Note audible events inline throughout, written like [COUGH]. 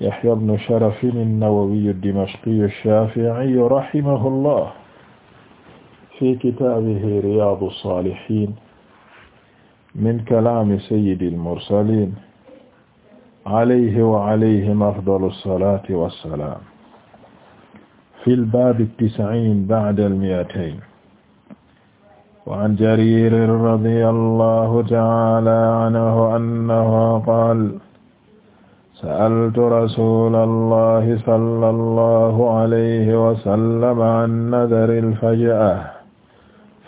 Yahya ibn Sharaf an-Nawawi ad-Dimashqi ash-Shafi'i rahimahullah fi kitaabihi Riyaadu as-Saalihiin min kalaami sayyidi al-mursaliin alayhi wa alayhim afdalu as-salaati was-salaam fi al-baabi at-tis'iin ba'da al-mi'atayn wa 'an Jariir radiyallahu ta'aala anhu annahu qaala sa'altu rasuulallahi sallallahu alayhi wa sallam an nadaril faj'a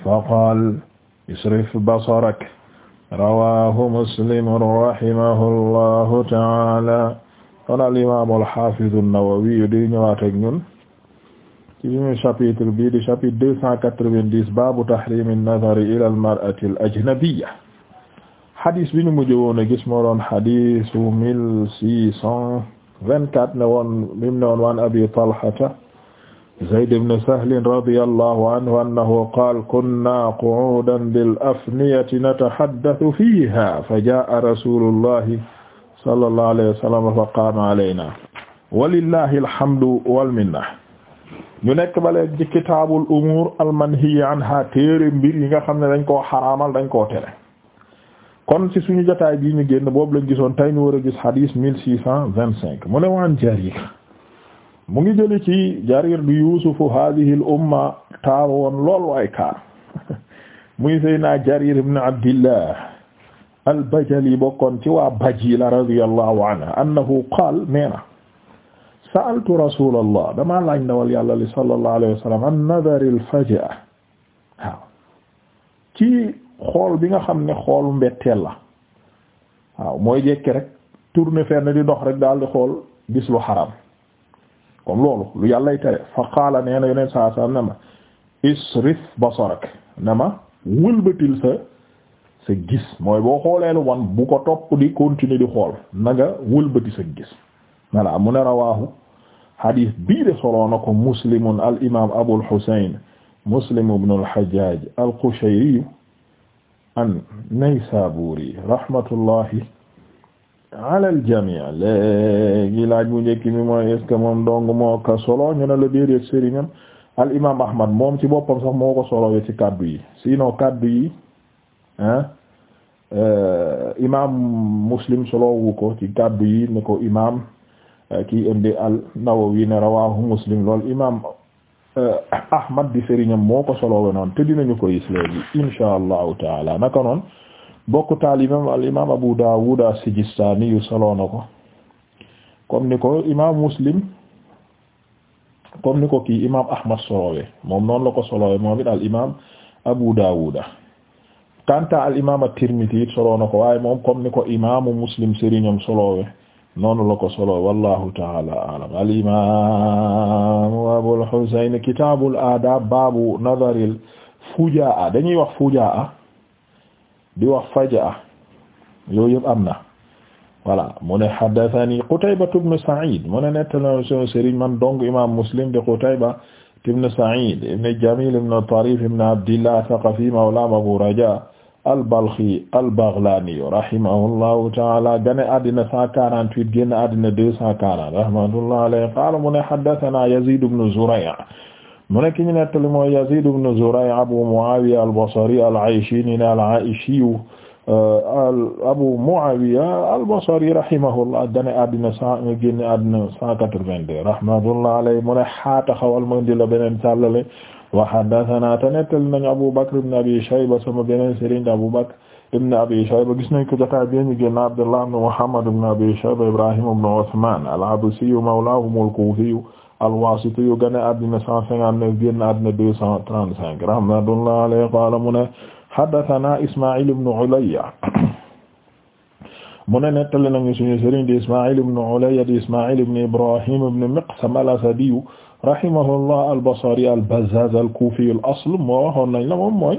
faqaala isrif basarak rawaahu muslim rahimahullahu ta'aala kon al imaam al haafiz an-Nawawi di ñëwaat ak ñun ci suñu chapitre bii di chapitre deux cent quatre-vingt-dix baabu tahriimi an-nadari ilal mar'ati al-ajnabiyya xadis bi ñu mujj woon a gis moo doon xadisu mille six cent vingt-quatre ne woon mim ne woon waan abi talhata zayd ibn sahl radiyallahu anhu annahu qaal kunna qu'udan bil afniyati natahaddathu fiha fa jaa'a rasulullahi sallallahu alayhi wa sallam fa qaama alayna walillahi alhamdu wal minna ñu nekk balee ci kitaabul umuur al manhiyi anha téere mbir yi nga xam ne dañ koo xaraamal dañ koo tere kon ci suñu jotaay bii ñu génn boobu la gisoon tey ñu war a gis mille six cent vingt cinq mu ne waan Jarir mu ngi jëli ci Jarir du Yuusufu hadhihi al umma lool waay kaar [LAUGHS] muy Seydina Jarir ibn Abdillah al-Bajali bokkoon ci waa Bajila radiyallahu anhu annahu qaal nee na sa'altu rasulallah damaa laaj ndawal yàlla li sallallahu alayhi wa sallam an nadar al-fajaa ci xool bi nga xam ne xoolu mbetteel la waaw mooy jekki rek tourner fenn di dox rek daal di xool gis lu xaram comme loolu lu yàllay tere fa qaala nee na yoneen saa saa ne ma isrif basarak ne ma wëlbatil sa sa gis mooy boo xoolee lu wan bu ko topp di continuer di xool na nga wëlbati sa gis voilà mu ne rawaahu hadis bii de soloo na ko muslimun al imaam abul husayn muslim ibn al hajjaj al qushayri an Naysaburi rahmatullahi ala al-jami' léegi laaj bu njëkk mi mooy est moom dong moo ko solo ñu ne la déedéet sëriñam al imaam Ahmad moom ci boppam sax moo ko solowee ci kàddu yi sinon kaddu yi ah euh, imaam Muslim solowu ko ci kaddu yi ne ko imaam euh, kii indi al Nawawi ne rawahu Muslim lool imaam. Eh, [COUGHS] Ahmad di sëriñam moo ko soloowe noonu te dinañu ko gis insha allahu taala naka noonu bokk taal Abu Dawud as-Sijistani yu soloo na ko ni ko imam Muslim comme ni ko kii imam Ahmad soloowe moom noonu la ko soloowe moom it al imam Abu Dawud kanta al imam at na ko waaye moom comme ni noonu la ko solo wallahu taala alam al imaamu Abul Husayn kitaabul aadaab baabu nadaril fujaa dañuy wax fujaa di wax fajaa yooyu yëpp am na voilà mu ne haddathani Qutayba ibn Sa'id mu ne nettala sunu sëriñ man dong imaam Muslim de Qutayba ibn Sa'id ibn Jamil ibn Tarif ibn Abdillah Thaqafi mawla Abu Raja al-Balkhi al-Baghlani rahimahullahu ta'ala gane addina 148 génn addina 240 rahmatullahi alayhi qaala mu ne haddathana Yazid ibn Zuray' mu ne ki ñu nettali mooy Yazid ibn Zuray' Abu Muawiya al-Basri al-Ayshi ni al-Ayshi Abu Muawiya al-Basri rahimahullah gane addina 100 génn addina 182 rahmatullahi alayhi mu ne xaata xawal mu indi la beneen tallale wa a te nettal nañu Abu Bakr ibn Abi Shayba sama beneen sëriñ Abu Bakr ibn Abi Shayba gis nañ ko jotaay bi ñu génn Abdullah ibn Muhammad ibn Abi Shayba Ibrahim ibn Uthman al-Absi mawlahum al-Kufi al-Wasiti yu gane addina 159 génn addina 235 rahmatullahi alayhi qala mu ne haddathana Isma'il ibn Ulayya mu ne rahimahullah al-Basri al-Bazzaz al-Kufi al-asl moo waxoon nañ la moom mooy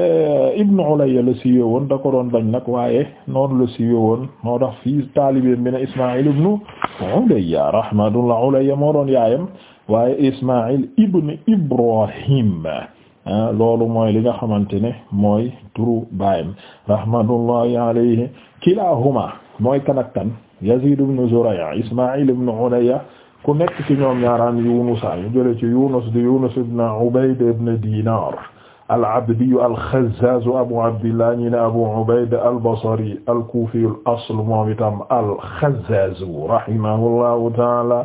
eh, Ibn Ulayya la siiwee woon da ko doon bañ nag waaye la siiwee woon moo tax fii taalibeen bi ne Ismaa'il ibn Ulayya rahmatullah Ulayya moo doon Ibrahim ah, loolu mooy li nga xamante ne mooy turu baayam rahmatullahi alayhi kilaahuma mooy kan ak kan Yaziid ibn Zuray' Ismaa'il ku nekk ci ñoom ñaaraan yunusa ñu jële ci yunus di yunus ibn ubayd ibn dinar al-abdi al-khazzaz abu abdillah ñi ne abu ubayd al-basri al-kufi al-asl moom itam al-khazzaz taala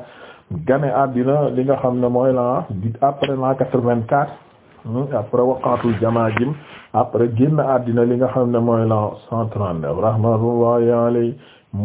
gane àddina li nga xam ne mooy la di après la 84 hmm, après waqatul jamaajim après génn àddina li nga xam ne mooy la 139 rahmatullahi alayhi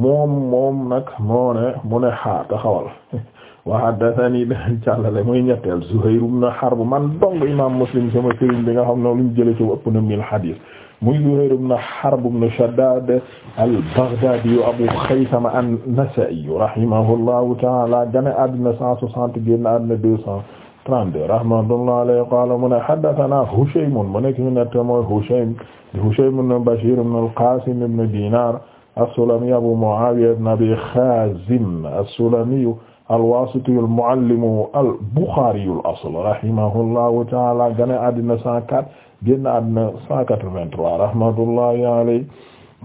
moom moom nag moo ne mu ne [LAUGHS] wa haddathani beneen càllale muy ñetteel Zuhayr ibn Harb man dong imam Muslim sama sëriñ bi nga xam ne lu mu jële ci ëpp na mil hadis muy Zuhayr ibn Harb ibn Shaddad al-Baghdadi Abu Khaythama an-Nasa'i rahimahullahu ta'ala gane àddina 160 génn àddina 232 rahmatullahi alayhi qala mu ne haddathana Hushaym mu nekk ñu nette mooy Hushaym Hushaym ibn Bashir ibn al-Qasim ibn Dinar as-Sulami Abu Muawiya ibn Abi Khazim as-Sulami alwaasitiyu almuallimu albuxaariyu al-asl rahimahullahu taala gane addina 104 génn addina 183 rahmatullahi alayhi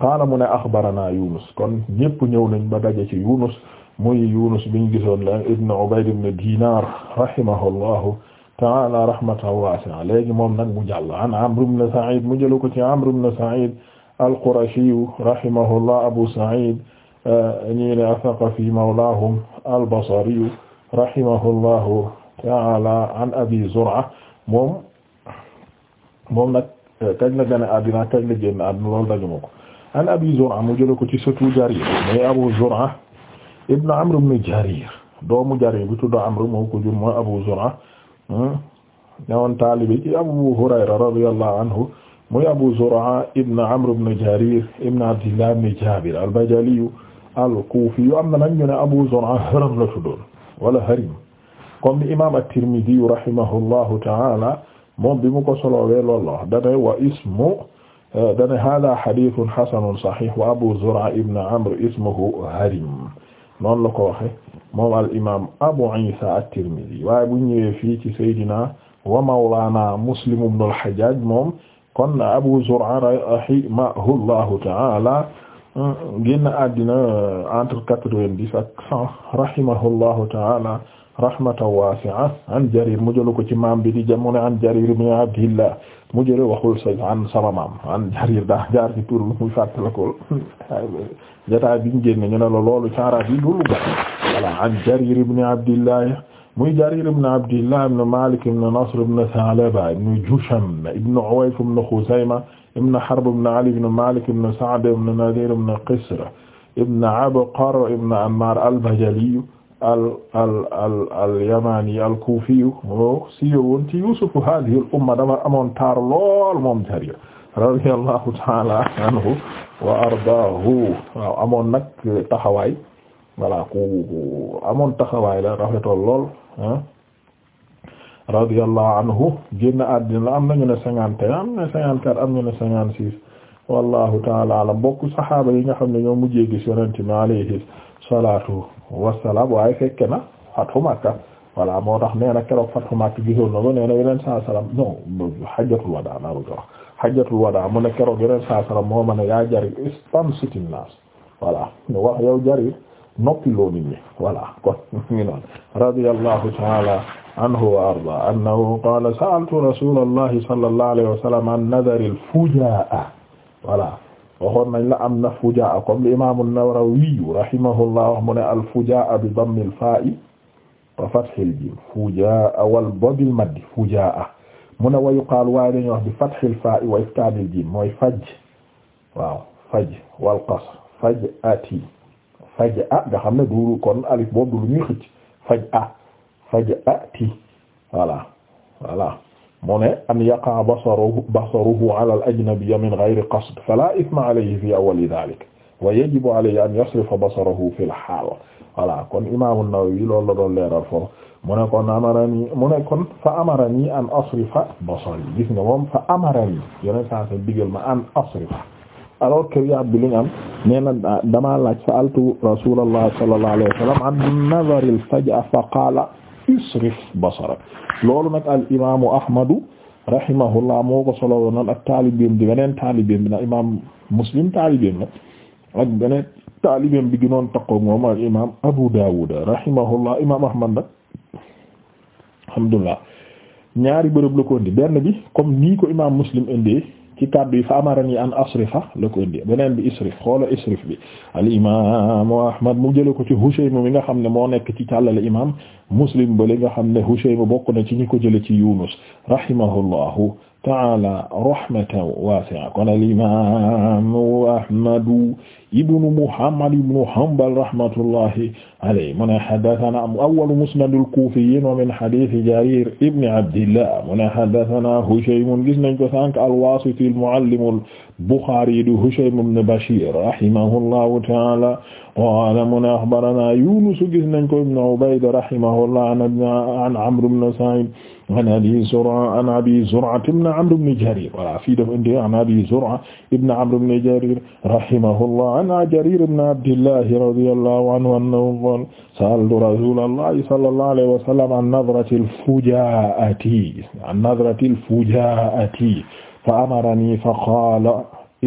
qaala mu ne axbaranaa Yunus kon ñépp ñëw nañ ba daje ci Yunus muy Yunus biñ gisoon la ibn Ubayd ibn Dinar rahimahullahu taala rahmatan waasi'a léegi moom nag mu jàll an Amr ibn Sa'id mu jëlu ko ci Amr ibn Sa'id al-Qurashiyu rahimahullah Abu Sa'id ñii ne As-Saqafi mawlaahum al-Basri rahimahullahu ta'ala an Abi Zur'a moom moom nag kañ la gën a addina kañ la génn addina loolu daju ma ko an Abi Zur'a mu jëlee ko ci sëtu Jarir mooy Abu Zur'a ibn Amr ibn Jarir doomu Jarir bi tudd Amr moo ko jur mooy Abu Zur'a ñëwoon hmm? taalibi ci Abu Hurayra radiyallahu anhu muy Abu Zur'a ibn Amr ibn Jarir ibn Abdillah ibn Jabir al-Bajali al-Kufi yu am na nag ñu ne Abu Zur'a Haram la tuddoon wala Harim comme ni imaam at-Tirmidhi rahimahullahu ta'ala moom bi mu ko solowee loolu la dane wa ismu dane hada hadithun hasanun sahih wa Abu Zur'a ibn Amr ismuhu Harim noonu la ko waxe moom al imaam Abu Isa at-Tirmidhi waaye bu ñëwee fii ci Seydina wa mawlaana Muslim ibn al-Hajjaj moom kon Abu Zur'a rahimahullahu ta'ala génn àddina euh, entre quatre-vingt-dix ak cent rahimahullahu ta'ala rahmatan wasi'a an Jarir mu jëlu ko ci maam bi di jamono an Jarir ibn Abdillah mu jële sa an sama maam an Jarir daa jaar ci tur bi muy fàttalikoo [LAUGHS] jotaay bi ñu génn ñu ne Abdillah muy Jarir ibn Nasr ibn Tha'laba ibn Jusham ibn Uwayf ibn Khuzayma ibn Harb ibn Ali ibn Malik ibn Sa'd ibn Nadir ibn Qisr ibn Abqar ibn Ammar al-Bajali al al al al-Yamani al-Kufi moo siiwoon ci Yusuf hadhihi al-umma dama amoon taar lool moom Jarir radiyallahu ta'ala anhu wa ardaahu waaw amoon nag taxawaay voilà ku amoon taxawaay la rafetoon lool radiyallahu anhu génn àddina la am nañu ne am na cinquante quatre am ñu ne cinquante six wallahu taala alam bokk saxaaba yi nga xam ne ñoo mujjee gis yonente mi alayhi salaatu wassalaam waaye fekke na fatu Makka voilà moo tax nee na keroog fatu Makka gisoon na ko nee na yeneen saa salaam non hajjatul wadaa naa bëgg a wax hajjatul wadaa mu ne keroog yeneen saa moo ma ne yaa Jarir istamsit an-naas voilà ñu wax yow Jarir noppi loo nit ñi voilà kon [LAUGHS] ñu taala anhu wa arda annahu qala sa'altu rasulallahi sallallahu alayhi wa sallam an nadari al-fujaa voilà waxoon nañ la am na fujaa comme l'imam an-Nawawi rahimahullah wax mu ne al-fujaa bi dammi al-faa'i wa fathi al-jiim fujaa wal bodil maddi fujaa mu ne wa yuqaal waaye dañuy wax bi fathi al-faa'i wa iskaani al-jiim mooy faj waaw faj wal qasr faj ati faj a nga xam ne duuru kon alif boobu du lu ñuy xëcc faj a faj'ati voilà voilà mu ne an yaqa basaruhu basaruhu ala al-ajnabi min ghayri qasd fala ithma alayhi fi awwali dhalik wa yajibu alayhi an yasrifa basarahu fil haal voilà kon imaamu Nawawi loolu la doon leeral foofu mu ne kon amarani mu ne kon fa amarani an asrifa basari gis nga moom fa amarani yeneen saa sa digal ma an asrifa alors que yaab bi li nga am nee na damaa laaj sa'altu rasulallah sallallahu alayhi wa sallam an nazaril faj'a fa qaala isrif basara loolu nag al imaamu ahmadu rahimahullah moo ko solo woonal ak taalibeem di beneen taalibeem bi nag imaam muslim taalibeem la ak beneen taalibeem bi gënoon taqoo moom al imaam abu daawud rahimahullah imaam ahmad nag alhamdulillah ñaari bërëb la ko indi bi comme nii ko imaam muslim indee ci kàddu yi fa amarani an asrifa la ko indi beneen bi isrif xoola isrif bi al imam ahmad mu jële ko ci Hushaym mi nga xam ne moo nekk ci càllale imam muslim bale nga xam ne Hushaym bokk na ci ñi ko jële ci yunus rahimahullahu taala rahmatan wasi'a kon al imam ahmadu ibnu Muhammad ibnu Hanbal rahmatullahi alayhi mu ne haddathana awwalu musnadul kuufiyyiin wa min hadiisi Jariir ibni Abdillah mu ne haddathana Hushaym gis nañ ko sànq al-Waasiti al-muallim al-Buxaari du Hushaym ibn Bashiir rahimahullahu ta'aala qaala mu ne axbaranaa Yuunus gis nañ ko ibnu Ubayd rahimahullah an Amr ibn Sa'iid an Abi Zur'a an Abi Zur'a ibn Amr ibn Jariir voilà fii dafa indi an Abi Zur'a ibn Amr ibn Jariir rahimahullah anna Jarir ibn Abdillah radiyallahu anhu annahu qaala sa'altu rasuulallahi sallallahu alayhi wa sallam an nadratil fujaa'ati an nadratil fujaa'ati fa amarani fa qaala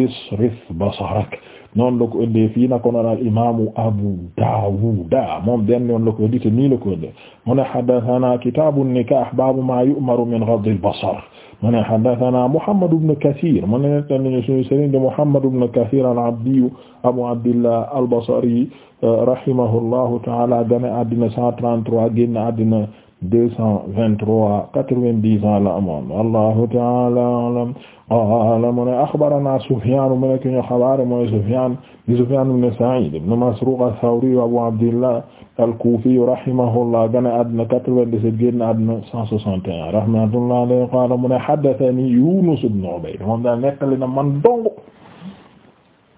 isrif basarak noonu la ko indee fii na ko noon al imaamu Abu Daawud moom benn noonu la ko indi te nii la ko indi mu ne haddathanaa kitaabu nikaah baabu maa yu'maru min ghaddi al basar mu ne haddathana Muhammad ibn Kathir mu ne nettali suñu sëriñ de Muhammad ibn Kathir al-Abdi Abu Abdillah al-Basri rahimahullahu ta'ala gane addina 133 génn addina deux cent vingt-trois quatre-vingt-dix ans la amoon wallahu ta'ala a'lam qaala mu ne axbarana Sufyaan mu ne ki ñu xabaare mooy Sufyaan di Sufyaan ibn Sa'iid ibn Masruuq as-Sawri Abu Abdillah al-Kuufi rahimahullah gane àddina quatre-vingt-dix-sept génn àddina cent soixante et un rahmatullahi alayhi qaala mu ne haddathanii Yuunus ibn Ubayd moom daal nettali na man dong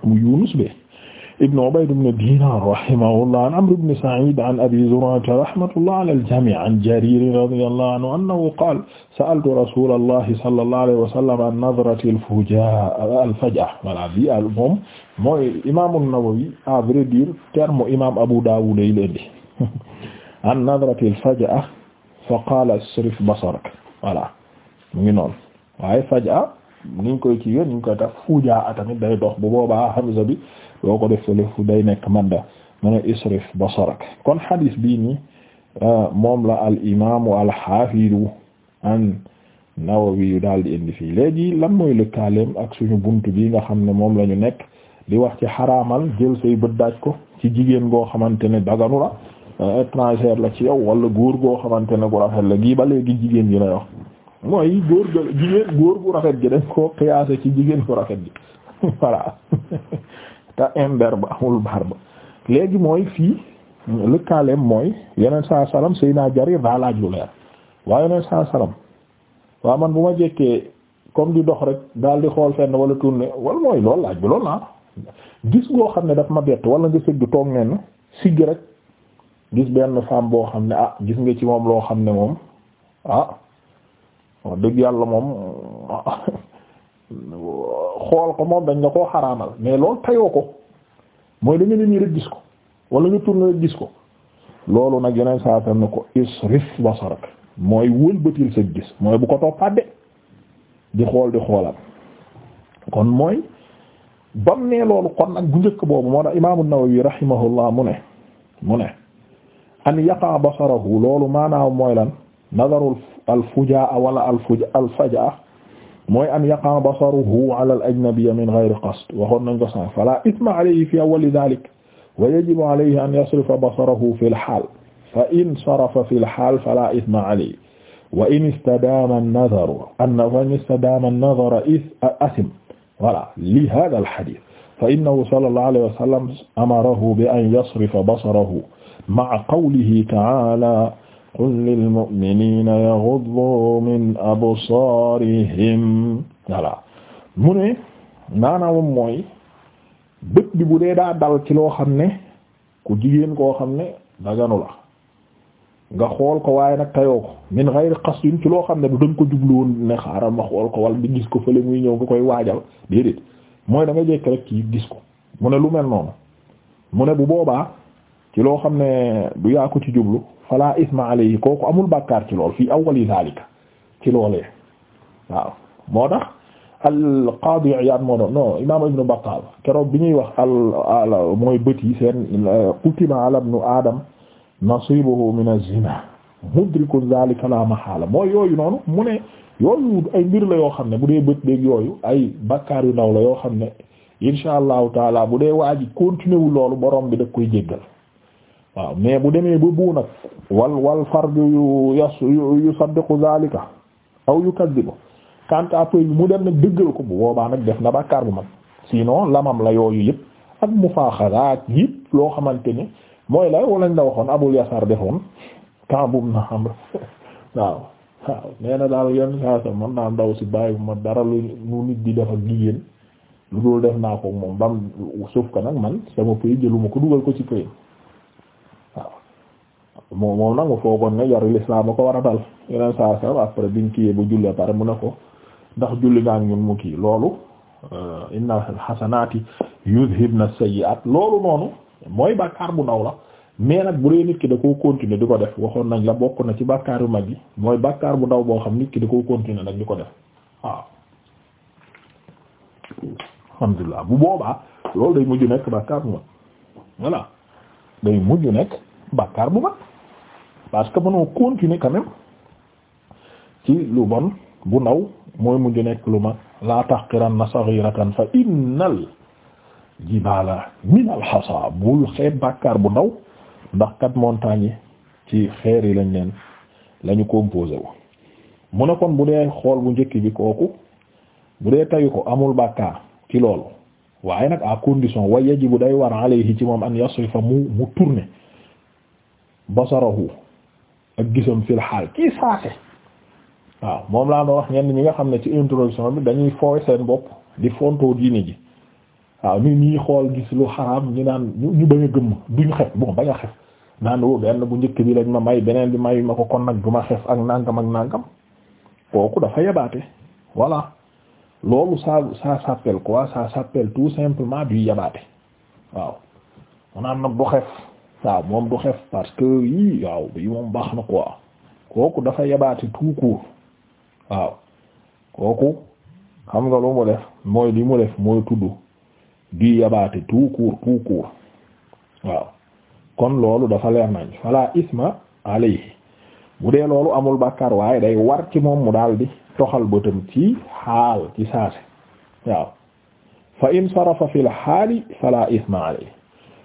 mu Yuunus be ibn Ubayd ibn Dinar rahimahullah an Amr ibn Sa'id an Abi Zur'a rahmatullah ala al-jami' an Jarir radiyallahu anhu annahu qala sa'altu rasulallah sallallahu alayhi wa sallam an nadrati al-fujaa al-faj'a voilà bi al moom mooy imam an-Nawawi à vrai dire terme imam Abu Dawud yi leen di [LAUGHS] an nadrati al-faj'a fa qala asrif basarak voilà mu ngi noonu waaye faj'a ni ñu koy ci yoon ni ñu koy tax fujaa tamit day dox bu boobaa hamza bi doo ko def fële fu day nekk madda mu ne isrif basarak kon hadis bii nii euh, moom la al imaamu al xaafidu an nawawi yu daal di indi fii léegi lan mooy lëkkaaleem ak suñu bunt bi nga xam ne moom la ñu nekk di wax ci xaraamal jël say bët daaj ko ci jigéen goo xamante ne daganu la euh, étranger la ci yow wala góor goo xamante ne gu rafet la gii ba léegi jigéen yi lay wax mooy góor gë jigéen góor bu rafet gi dañ koo xiyaase ci jigéen bu rafet gi [LAUGHS] voilà [LAUGHS] te ba amul barbe léegi mooy fii lëkkaaleem mooy yeneen saa salaam sëy naa jarir daa laaj lu leer waaye yeneen saa salaam waaw man bu ma jekkee comme di dox rek daal di xool fenn wala tourné wala mooy loolu laaj bi loolu naa gis ngoo xam ne daf ma bett wala nga sëgg toog nen sigg rek gis benn femme boo xam ne ah gis nga ci moom loo xam ne moom ah wax dëgg yàlla moom xool ko moom dañ la ko xaraamal mais loolu tayoo ko mooy da nga ne nii rek gis ko wala nga tourné rek gis ko loolu nag yeneen saa tam ne ko isrif basarak mooy wëlbatil sa gis mooy bu ko toppaat de di xool di xoolaat kon mooy bam ne loolu kon nag bu njëkk boobu moo tax imaamu Nawawi rahimahullah mu ne mu ne an yaqa basarahu loolu maanaam mooy lan nazarul alfujaa wala alfuja alfajaa mooy an yaqa basaruhu ala al ajnabiyya min ghayri qasd waxoon nañ ko san fala ithma alayhi fi awwali dhalik wa yajibu alayhi an yasrifa basarahu fi al-haal fa in sarafa fi al-haal fala ithma alayhi wa in istadaama an-nazaru anna wa in istadaama an-nazaru asim voilà li haaza al-hadiis fa innahu sallallahu alayhi wa sallam amarahu bi an yasrifa basarahu ma'a qawlihi ta'aala qul lil mu'minina yaghuddu min absarihim voilà mu ne maanaam mooy bët bi bu dee daa dal ci loo xam ne ku jigéen koo xam ne daganu la nga xool ko waaye nag tayoo ko min ghayri qasdin ci loo xam ne du danga ko jubluwoon ne xaaral ma xool ko wala di gis ko fële muy ñëw nga koy waajal déedéet mooy da nga jekk rek kii gis ko mu ne lu mel noonu mu ne bu boobaa ci loo xam ne du yaa ci jublu fala isma alayhi kooku amul bàkkaar ci lool fii awwali zalika ci loolee waaw moo tax al qaadi Iyaad moo doon non imaam ibnu Battaal keroog bi ñuy wax al mooy bët yi seen kutiba ala ibnu Aadam nasiibuhu min az-zinaa mudriku zaalika laa mahaala mooy yooyu noonu mu ne yooyu ay mbir la yoo xam ne bu dee bët beeg yooyu ay bakkaar yu ndaw la yoo xam ne insha allahu taala bu dee waa ji continué wu loolu borom bi da koy jéggal. waaw mais bu demee ba buu nag wal wal fardu yu yas yu saddiqu zalika aw yu kaddibu quant à bi mu dem nag dëggal ko bu boobaa nag def na bàkkaar bu mag si no lamam la yooyu yëpp ak mufaaxalaat yëpp loo xamante ni mooy la lañ la waxoon abul yasar defoon kambum na xam [LAUGHS] waaw waaw nee na daal yenn saa sa mën naa ndaw si bàyyi bu ma dara lu nit di def ak jigéen lu dul def naa ko moom bam suuf ko nag man sama pëy jëluma ko dugal ko ci këyam moom moom nag mu foogoon ne yaru lislaam a ko war a dal yeneen saa salaam après biñ kiyee bu jullee pare mu ne ko ndax julli nga ak ñun mu kii loolu euh, inna xasanaati yudhibna sayyi'at loolu noonu mooy bàkkaar bu ndaw la mais nag bu dee nit ki da koo continuer di ko def waxoon nañ la bokk na ci bàkkaar yu mag yi mooy bàkkaar bu ndaw boo xam nit ki da koo continuer nag di ko def waaw alhamdulillah bu boobaa loolu day mujj nekk bàkkaar bu mag voilà day mujj nekk bàkkaar bu mag parce que mënoo continuer quand même ci lu bon bu ndaw mooy mujj nekk lu ma laa tax tahqiranna saghiratan fa innal jibaala minal hasa bul xeet bàkkaar bu ndaw ndax kat montagnes yi ci xeer yi lañ leen lañu composé wu mu ne kon bu dee xool bu njëkk bi kooku bu dee tayu ko amul bàkkaar ci loolu waaye nag à condition wa yajibu day war alayhi ci moom an yasrifa mu mu tourner basarahu ak gisam fil xaal kii saase waaw moom laa ma wax ñenn ñi nga xam ne ci introduction bi dañuy fooy seen bopp di fontoo diine ji waaw ñu ñuy xool gis lu xaraam ñu naan ñu a gëmm oh, benn bu njëkk bi lañ ma may beneen bi mayu ma ko kon nag duma xef ak nàngam ak nàngam kooku dafa yabaate voilà loolu ça ça s'appelle quoi ça s'appelle tout simplement du yabaate waaw mu naan nag du xef waaw moom du xef parce que yii waaw bii moom baax na quoi kooku dafa yabaate tout court waaw kooku xam nga lu mu def mooy li mu def mooy tudd di yabaate tout court tout court waaw kon loolu dafa leer nañ fala isma alayhi bu dee loolu amul bàkkaar waaye day war ci moom mu daal di toxal bëtam ci xaal ci saase waaw fa in sarafa fil xaali fala isma alayhi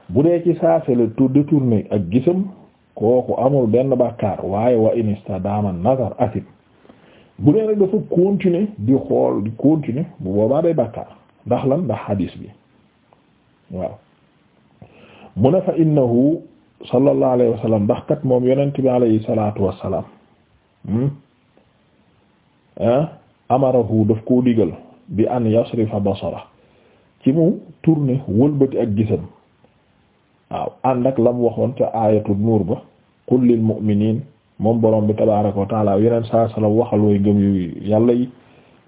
bu dee ci saase la tout détourné ak gisam kooku amul benn bàkkaar waaye wa inista daama nazar asim bu dee nag dafa continuer di xool di continuer bu boobaa day bàkkaar ndax lan ndax hadis bi waaw mu ne fa innahu sallallahu alayhi wa sallam ndax kat moom yonent hmm? ah, daf koo digal bi an yasrifa basara ci mu tourner wëlbati ak gisam waaw ànd ak lam waxoon ca aayatu nuur ba qul lil mu'miniin moom borom bi tabaaraka wa taala yeneen saa salaam waxal way gëm yu yàlla yi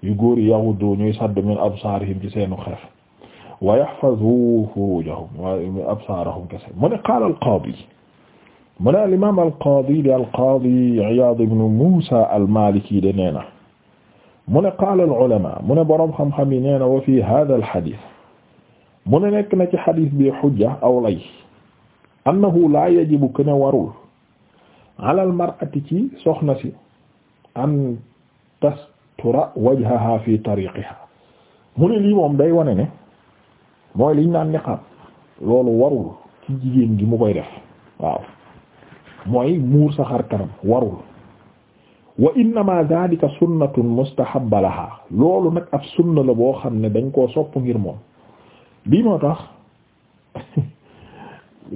yu góor yi yaghuddu ñuy sàdd min absaarihim ci seenu xef wa yahfazu furujahum wa absaarahum kese mu ne qaala al qaadi mu ne al imaam al qaadi di al qaadi Iyaad ibn Muusa al Maaliki de nee na mu ne qaala al ulamaa mu ne borom xam-xam yi nee na wa fi haadha al hadiis mu ne nekk na ci hadiis bi hujja aw lay. annahu la yajibu kene warul alal mar'ati ci soxna si an tastura wajhaha fi tariqiha mu ne lii moom day wone ne mooy liñ naan niqaab loolu warul ci jigéen gi mu koy def waaw mooy muur sa kanam warul wa innama dhalika sunnatun mustahabba laha loolu nag ab sunna la boo xam ne dañ koo sopp ngir moom lii moo tax [LAUGHS]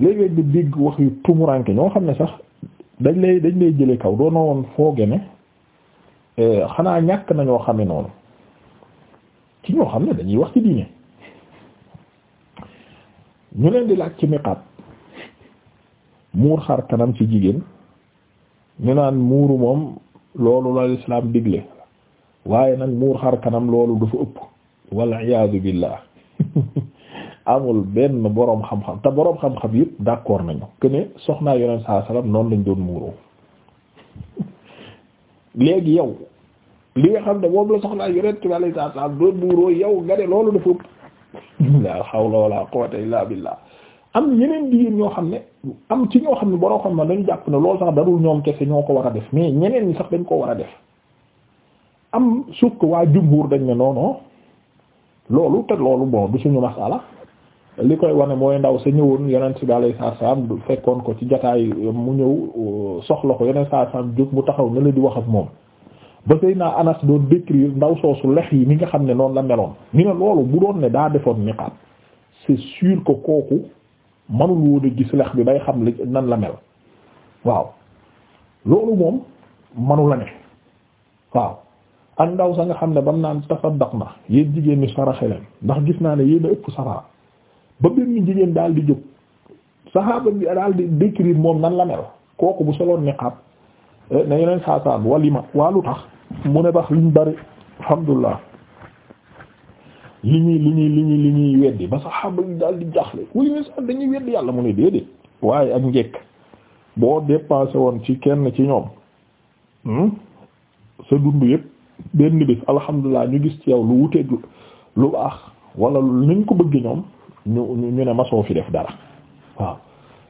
léeg-léeg di dégg wax yu tumuranke ñoo xam ne sax dañ lay dañ lay jële kaw doona woon fooge ne euh, xanaa ñàkk nañoo xame noonu ci ñoo xam ne dañuy wax ci diine ñu leen di laaj ci miqaat muur xar kanam ci jigéen ñu naan muuru moom loolu la lislaam digle waaye nag muur xar kanam loolu dafa ëpp wal iyaadu billah [LAUGHS] amul benn boroom xam-xam te boroom xam-xam yëpp d'accord nañu que ne soxnaa saa salaam noonu lañu doon muuroo léegi yow li nga xam ne moom la soxnaa yonent bi saa salaam doon muuroo yow nga ne loolu dafa ëpp [LAUGHS] laa la wala quwwata illaa billah am yeneen jigéen ñoo xam ne am ci ñoo xam ne boroom xam-xam dañu jàpp ne loolu sax darul ñoom kese ñoo ko war a def mais ñeneen ñi sax dañ ko war a def am sukk waa jumbuur dañ ne non loolu te loolu bon du li koy wane mooy ndaw sa ñëwoon si yonent bi alayhi salaam fekkoon ko ci jataay mu ñëw soxla ko yonent saa salaam jóg mu taxaw na la di wax ak moom ba Seydina Anas doon décrire ndaw soosu lex yi mi nga xam ne noonu la meloon ni ne loolu bu doon ne daa defoon niqaab c'est sûr que kooku manul woon a gis lex bi bay xam li nan la mel waaw loolu moom manu la ne waaw ak ndaw sa nga xam ne bam naan tasaddaq na yéen jigéen ñi saraxe leen ndax gis naa ne yéen ba benn jigéen daal di jóg saxaaba bi daal di décrire moom nan la mel kooku bu soloon niqaab eh, na yeneen saasaan walima waa lu tax mu ne tax liñ bari alhamdulilah li ñuy li ñuy li ñuy li ñuy weddi ba saxaaba daal di jaxle wuy ne dañuy weddi yàlla mu ne déedéet waaye ak njekk boo dépassé woon ci kenn ci ñoom hmm, sa dund yëpp benn bis alhamdulilah ñu gis ci yow lu wuteeg lu baax wala lu ñu ko bëgg ñoom ñu ñu ne ma soo fi def dara waaw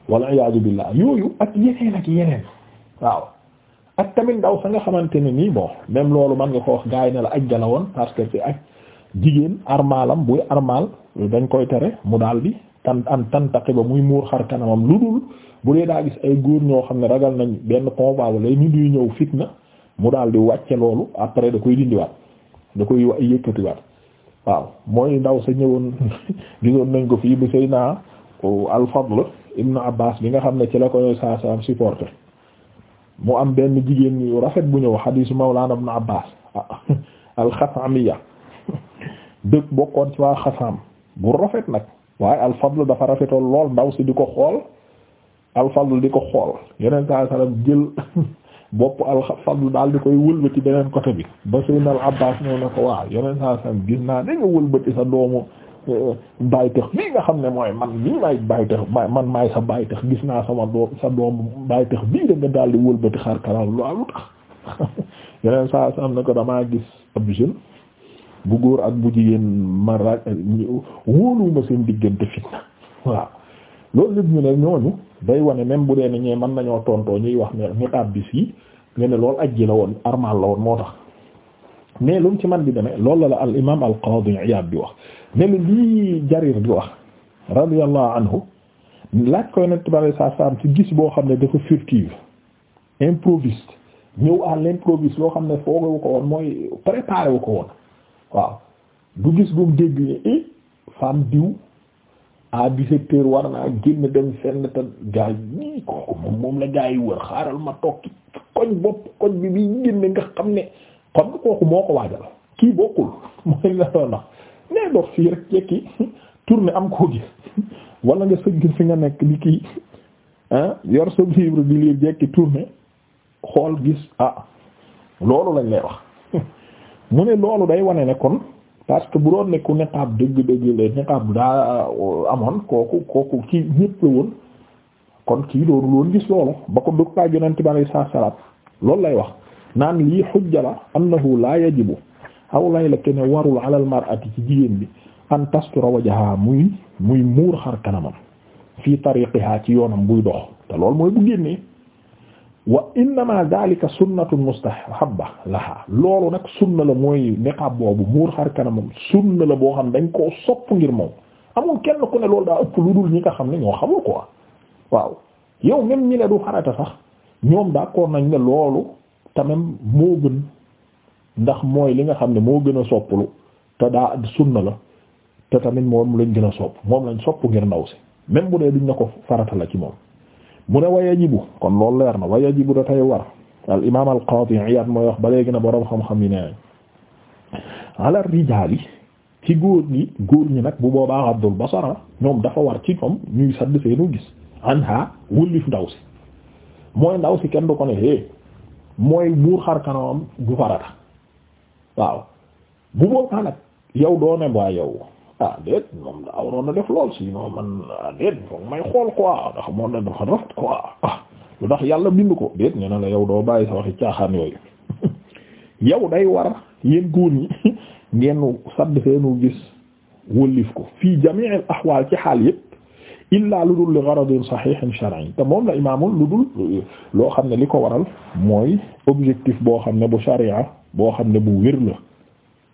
walla iyaazu billaah yooyu ak yeneen ak yeneen waaw ak tamit ndaw sa nga xamante ne nii bon même loolu man nga ko wax gaay ne la aj la woon parce que ci ak jigéen armalam buy armal dañ koy tere mu daal di tan an tantaqi ba muy muur xar kanamam lu dul bu dee daa gis ay góor ñoo xam ne ragal nañ benn convoi wala nit ñuy ñëw fitna mu daal di wàcce loolu après da koy dindiwaat da koy yëkkatiwaat waaw mooy ndaw sa ñëwoon [LAUGHS] gisoon nañ ko fii bu sëy naa al-Fadl ibn Abbas bi nga xam ne ci la koy saa saa am mu am benn jigéen yu rafet bu ñëw xadiisu Mawlana ibn Abbas [LAUGHS] al-Xasamiya [LAUGHS] dëkk bokkoon ci waa Xasam bu rafet nag waaye al-Fadl dafa rafetoon lool ndaw si di ko xool al di ko xool yeneen saa salaam jël bopp alfadl daal di koy wëlbati beneen côté bi ba Seydina al Abbaas ñëw ne ko waaw yeneen saa sam gis naa da nga wëlbati sa doomu eh, baay tax nga xam ne mooy man mii maay baay man maay sa baay gis naa sama doom sa doomu baay tax bii nga daal di wëlbati xar kanam loolu tax [LAUGHS] yeneen saa sam ne ko damaa gis ab jeune bu góor ak bu jigéen ma raaj wóoluwuma seen diggante fitna waaw loolu lépp ñu ne ñooñu day wane même bu dee ne ñee mën nañoo tontoo ñuy wax ne nga ne loolu ajji la woon armal la woon moo tax mais lu mu ci man di demee loolu la la al imaam al qaadi Iyaad bi wax ne lu lii Jarir di wax radiyallahu anhu laaj ko Yonent bi alayhi salaam ci gis boo xam ne dafa furtive improviste ñëw à l'improviste loo xam ne foogewu ko woon mooy préparé wu ko woon waaw du gis bu mu dégg ni i eh, diw à 17 heures war naa génn dem fenn te gaa yi kooku moom la gaa wër xaaral ma tokki koñ bopp koñ bi bi génne nga xam ne xam nga kooku moo ko waajal kii bokkul [LAUGHS] mooy la doon wax nee dox fii rek jekki [LAUGHS] tourné am koo gis [LAUGHS] wala nga sëgg fi nga nekk li kii ah yor sa livre bi lii jekki xool gis ah loolu lañ lay wax mu ne loolu day wane ne kon parce bu doon ne ku niqaab dëgg-dëgg la niqaab daa amoon kooku kooku kii ñépp la woon kon kii doonul woon gis loolu ba ko dugg kaa yonent bi alayhi salaatu loolu lay wax naan lii xujja la annahu la yajibu aw lay la kenn warul ala al mar'ati ci jigéen bi an tastura wajhaha muy muy muur xar kanamam fii tariqiha ci yoonam buy dox te loolu mooy bu génnee wa innama dhalika sunnatun mustahabba laha loolu nag sunna la mooy niqab boobu muur xar kanamam sunna la boo xam dañ koo sopp ngir moom amul kenn ku ne lool daa ëpp lu dul ñi nga xam ne ñoo xamul quoi waaw yow même ñi ne du farata sax ñoom d'accord nañ ne loolu tamit moo gën ndax mooy li nga xam ne moo gën a sopplu te daa sunna la te tamit moom lañ gën a sopp moom lañ sopp ngir ndaw si même bu dee duñ ne ko farata la ci moom mu ne waya jibu kon loolu leer na waya jibu da tay war al imam al qadi Iyad mooy wax ba léegi na boroom xam-xam yi nee ala rijaali ci góor ñi góor ñi nag bu boobaa abdul basara ñoom dafa war ci ñoom ñuy sadd seenu gis anha wëllif ndaw si mooy ndaw si kenn du ko ne hé mooy buur xar kanamam du farata waaw bu boobaa nag yow doo ne waa yow ah déet moom daa waroon a def lool si non man ah foog may xool quoi ndax moom da dafa rafet quoi ah, lu tax yàlla bind ko déet nee na la yow doo bàyyi sa waxi caaxaan yooyu [LAUGHS] yow day war yéen góor ñi [LAUGHS] ngeen sàdd seenu gis wëllif ko fii jami'il ahwal ci xaal yëpp illaa lu dul li garadin sahihin shar'i te moom la imaamul lu loo xam ne li ko waral mooy objectif boo xam ne bu sharia boo xam ne bu wér la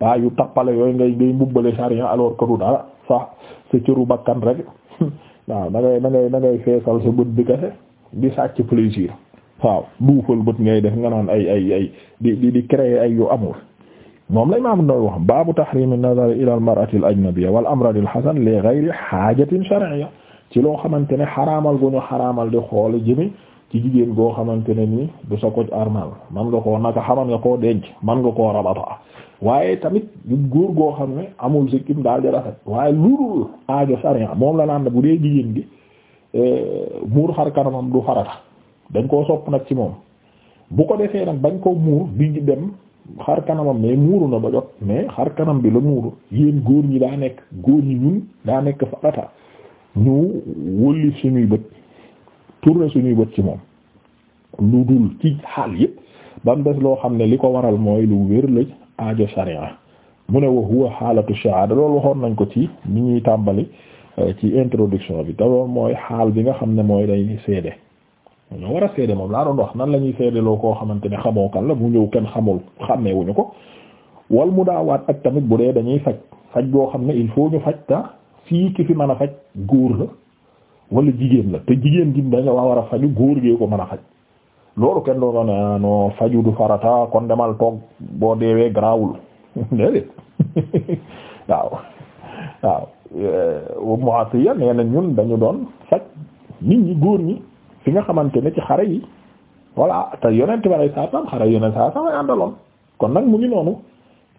pas yu tappale yooyu ngay ngay mbubbale sharia alors que du sax sa cëru bakkan rek [LAUGHS] waaw na ngay na ngay na ngay feesal sa bët bi kese di sàcc plaisir waaw duufal bët ngay def nga naan ay ay ay di di di créer ay yu amul moom la imaam Nawawi wax bu tahrim an-nazar ila al-mar'ati al-ajnabiyya wal amradil hasan li ghayri hajatin shar'iyya ci loo xamante ne xaraamal gu ñu xaraamal di xool jëme ci jigéen goo xamante ne ni du sa ko armal man nga koo naka xaman nga koo denc man nga koo rabata waaye tamit góor goo xam ne amul sikkim daal di rafet waaye lurul aajo sariya moom la naan bu dee jigéen gi euh, muur xar kanamam du farata dañ koo sopp nag ci moom bu ko defee nag bañ koo muur di dem xar kanamam mais muuru na ba jot mais xar kanam bi la muuru yéen góor ñi daa nekk góor ñi daa nekk ñu wëlli suñuy bët tourner suñuy bët ci moom lu dul ci xaal yëpp ba mu des loo xam ne li ko waral mooy lu wér la aajo sharia mu ne wa huwa xaalatu shahada loolu waxoon nañ ko ci ni ñuy tàmbali euh, ci introduction bi te loolu mooy xaal bi nga xam ne mooy day seede ñoo war a seede moom laa doon wax nan la ñuy seede loo koo xamante ne xamoo kan la bu ñëw kenn xamul xàmmeewuñu ko wal mu daawaat ak tamit bu dee dañuy faj faj boo xam ne il faut ñu faj ta ah, fii ki fi mën a faj góor la wala jigéen la te jigéen gi da nga war a faju góor gee ko man a faj loolu kenn doon na no faju du farata kon demal toog boo deewee garaawul [LAUGHS] déedéet [LAUGHS] waaw waaw euh, moitiya nee na ñun dañu doon faj nit ñi góor ñi fi nga xamante ne ci xare yi voilà te yonent balay saa sam xare yonent àndaloon kon nag mu ngi noonu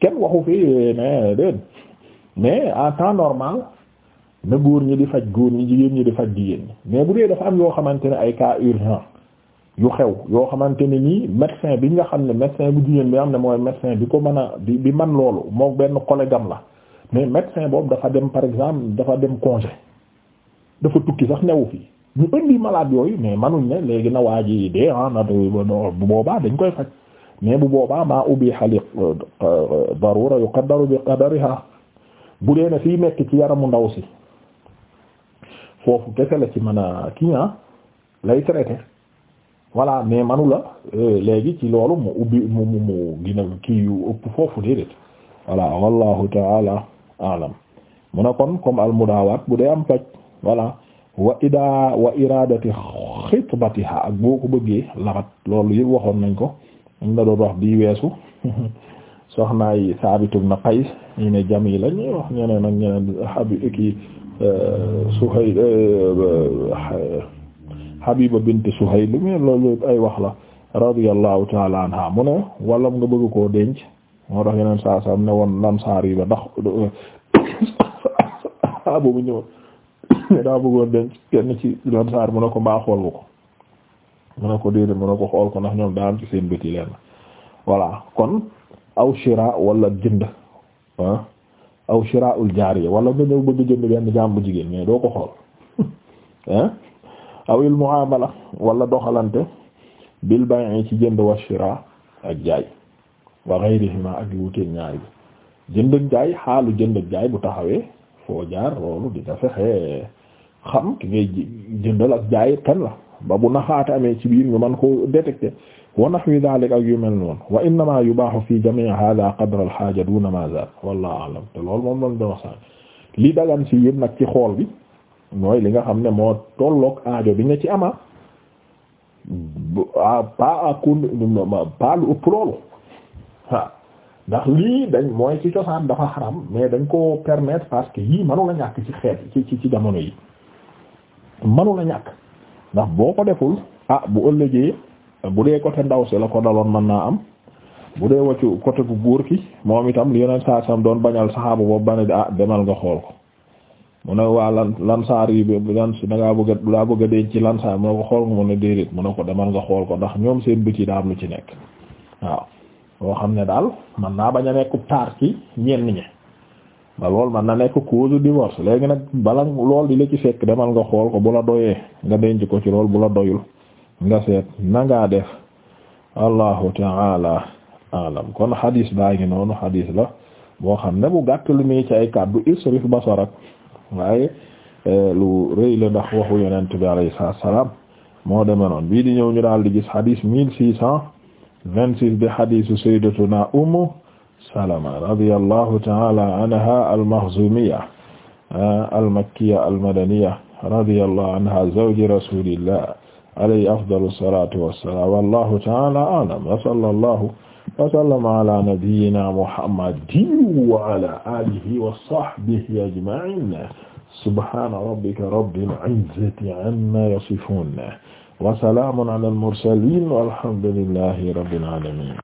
kenn waxu fi eh, mais en temps normal na góor ñi di faj góor ñi jigéen ñi di faj jigéen ñi mais bu dee dafa am yoo xamante ne ay cas urgent yu xew yoo xamante ne nii médecin bi nga xam ne médecin bu jigéen bi am ne mooy médecin bi ko mën a bi man loolu moo benn collègue am la mais médecin boobu dafa dem par exemple dafa dem congé dafa tukki sax newu fii ñu indi malade yooyu mais manuñ ne léegi na waa ji dee ah na bu boobaa dañ koy faj mais bu boobaa maa ubbi xali euh, euh, darura yuqaddaru bi qadariha bu dee ne fii nekk ci yaramu ndaw si foofu kese la ci man a kii ah, lay traité voilà mais manu la euh, léegi ci loolu mu ubbi mu mu mu gina kii yu ëpp foofu déedéet voilà wallahu taala alam mu ne kon comme al mudaawaat bu dee am paj wala wa idaa wa iraadati xitbatiha ak boo ko bëggee labat loolu yëpp waxoon nañ ko ñu la doon wax bii weesu [LAUGHS] soxnaay Saabit ibn Qays ñu ne Jamiila ñuy wax ñeneen ak ñeneen habib kii Suhayl eh, eh, Habiba bint Suhayl mais loolu ay wax la radiyallahu taala anha mu ne wala nga bëgg koo denc moo tax yeneen saa saa ne woon lansaar yi ba ndax abu bu ñëwoon daa bëggoon denc kenn ci lansaar mu ne ko mbaa xool bu ko mu ne ko déedéet mu ne ko xool ko ndax ñoom daa am ci seen bët leen voilà kon aw shira wala jënd ah aw shira'ul jaariya wala nga ñëw bëgg jënd benn bu jigéen mais doo ko xool ah [LAUGHS] aw il muamala wala doxalante bil bay'i ci jënd wa shira ak jaay wa ghayrihima ak wuute ñaar yi jënd jaay xaalu jënd jaay bu taxawee foo jaar loolu dina fexe xam ki ngay jëndal ak jaay kan la. ba bu nafaate amee ci biir ñu man koo détecté wa nahwi dalik ak yu mel noonu wa innama yubaahu fi jamii hada qadra alxaaja duna ma zat wallahu alam te loolu moom lañ doon wax sànq li dagan si yëpp nag ci xool bi mooy li nga xam ne moo tolloog aajo bi nga ci ama pas akon pas loolu waaw ndax lii dañ mooy ci cosaan dafa xaram mais dañ ko permettre parce que yii mënu la ci xeet ci ci ci jamono yi ndax boo ko deful ah bu ëllëgee bu dee côté ndaw si la ko daloon mën naa am bu dee wàccu côté bu góor ki moom itam li yeneen saa sam doon bañal saxaabu boobu ba ne ah demal nga xool ko mu ne waa lan lansaar yi lan da ngaa bëgg a bëgg a ci lansaar mu ne ko xool nga mu ne déedéet mu ne ko demal nga xool ko ndax ñoom seen bët yi daa am lu ci nekk waaw loo xam ne daal man naa bañ a nekk taar ci ñenn ñi. ba lool man na nekk cause divorce léegi nag bala lool di la ci fekk demal nga xool ko bu la doyee nga denc ko ci lool bu la doyul nga seet na ngaa def allahu taala alam kon hadis baa ngi noonu hadis la boo xam ne bu gàtt lu muy ci ay kàddu isrif basarak waaye eh, lu rëy la ndax waxu yonent bi alayhi moo demee noonu bii di ñëw ñu daal di gis hadis mille six cent vingt six bi hadisu sayyidatuna ummu Salama radiyallahu ta'ala anha al-Makhzumiyya al-Makkiyya al-Madaniyya radiyallahu anha zawji rasulillah alayhi afdalu salatu wassalam wallahu ta'ala a'lam wa sallallahu wa sallama ala nabiyyina Muhammadin wa ala alihi wa sahbihi ajma'in subhana rabbika rabbil izzati amma yasifun wa salamun ala al-mursalin walhamdulillahi rabbil alamin